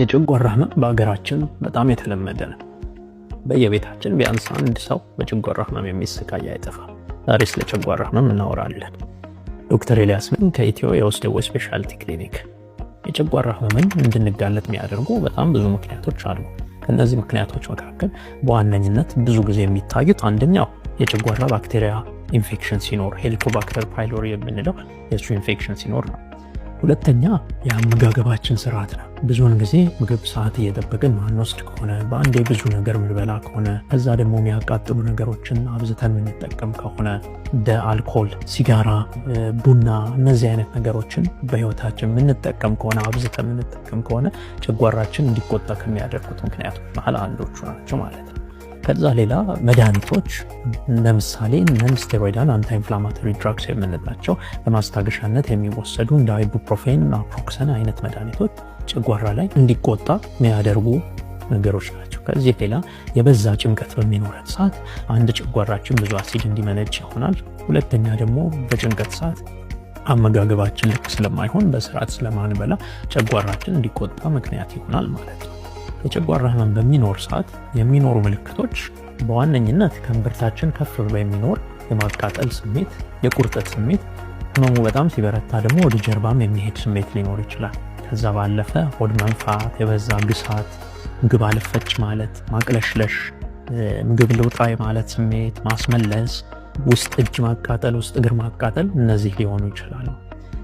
የጨጓራ ህመም በሀገራችን በጣም የተለመደ ነው። በየቤታችን ቢያንስ አንድ ሰው በጨጓራ ህመም የሚሰቃይ አይጠፋም። ዛሬ ስለ ጨጓራ ህመም እናወራለን። ዶክተር ኤልያስ ምን ከኢትዮ የውስጥ ደዌ ስፔሻልቲ ክሊኒክ። የጨጓራ ህመምን እንድንጋለጥ የሚያደርጉ በጣም ብዙ ምክንያቶች አሉ። ከእነዚህ ምክንያቶች መካከል በዋነኝነት ብዙ ጊዜ የሚታዩት አንደኛው የጨጓራ ባክቴሪያ ኢንፌክሽን ሲኖር ሄሊኮባክተር ፓይሎሪ የምንለው የእሱ ኢንፌክሽን ሲኖር ነው። ሁለተኛ የአመጋገባችን ስርዓት ነው። ብዙውን ጊዜ ምግብ ሰዓት እየጠበቅን ማንወስድ ከሆነ በአንዴ ብዙ ነገር ምንበላ ከሆነ ከዛ ደግሞ የሚያቃጥሉ ነገሮችን አብዝተን የምንጠቀም ከሆነ እንደ አልኮል፣ ሲጋራ፣ ቡና እነዚህ አይነት ነገሮችን በህይወታችን የምንጠቀም ከሆነ አብዝተን የምንጠቀም ከሆነ ጨጓራችን እንዲቆጣ ከሚያደርጉት ምክንያቶች መሀል አንዶቹ ናቸው ማለት ነው። ከዛ ሌላ መድኃኒቶች ለምሳሌ ነን ስቴሮይዳል አንታ ኢንፍላማቶሪ ድራግስ የምንላቸው በማስታገሻነት የሚወሰዱ እንደ አይቡፕሮፌን፣ አፕሮክሰን አይነት መድኃኒቶች ጨጓራ ላይ እንዲቆጣ የሚያደርጉ ነገሮች ናቸው። ከዚህ ሌላ የበዛ ጭንቀት በሚኖረን ሰዓት አንድ ጭጓራችን ብዙ አሲድ እንዲመነጭ ይሆናል። ሁለተኛ ደግሞ በጭንቀት ሰዓት አመጋገባችን ልክ ስለማይሆን በስርዓት ስለማንበላ ጨጓራችን እንዲቆጣ ምክንያት ይሆናል ማለት ነው። የጨጓራ ህመም በሚኖር ሰዓት የሚኖሩ ምልክቶች በዋነኝነት ከእምብርታችን ከፍ ብሎ የሚኖር የማቃጠል ስሜት፣ የቁርጠት ስሜት፣ ህመሙ በጣም ሲበረታ ደግሞ ወደ ጀርባም የሚሄድ ስሜት ሊኖር ይችላል። ከዛ ባለፈ ሆድ መንፋት፣ የበዛ ግሳት፣ ምግብ አልፈጭ ማለት፣ ማቅለሽለሽ፣ ምግብ ልውጣ የማለት ስሜት፣ ማስመለስ፣ ውስጥ እጅ ማቃጠል፣ ውስጥ እግር ማቃጠል፣ እነዚህ ሊሆኑ ይችላሉ።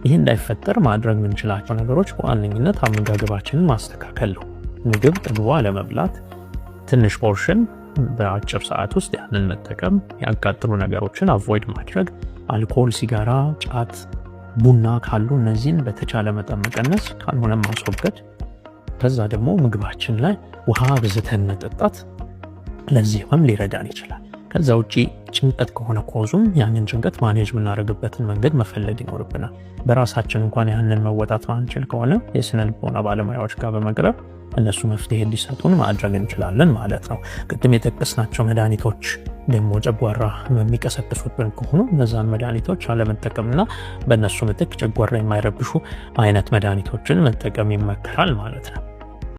ይህ እንዳይፈጠር ማድረግ የምንችላቸው ነገሮች በዋነኝነት አመጋገባችንን ማስተካከል ነው። ምግብ ጥግቧ ለመብላት ትንሽ ፖርሽን በአጭር ሰዓት ውስጥ ያንን መጠቀም፣ ያጋጥሉ ነገሮችን አቮይድ ማድረግ፣ አልኮል፣ ሲጋራ፣ ጫት፣ ቡና ካሉ እነዚህን በተቻለ መጠን መቀነስ፣ ካልሆነ ማስወገድ። ከዛ ደግሞ ምግባችን ላይ ውሃ ብዝተን መጠጣት ለዚህ ሊረዳን ይችላል። ከዛ ውጭ ጭንቀት ከሆነ ኮዙም ያንን ጭንቀት ማኔጅ የምናደርግበትን መንገድ መፈለግ ይኖርብናል። በራሳችን እንኳን ያንን መወጣት ማንችል ከሆነ የስነ ልቦና ባለሙያዎች ጋር በመቅረብ እነሱ መፍትሄ እንዲሰጡን ማድረግ እንችላለን ማለት ነው። ቅድም የጠቀስናቸው መድኃኒቶች ደግሞ ጨጓራ የሚቀሰቅሱብን ከሆኑ እነዛን መድኃኒቶች አለመጠቀምና በእነሱ ምትክ ጨጓራ የማይረብሹ አይነት መድኃኒቶችን መጠቀም ይመከራል ማለት ነው።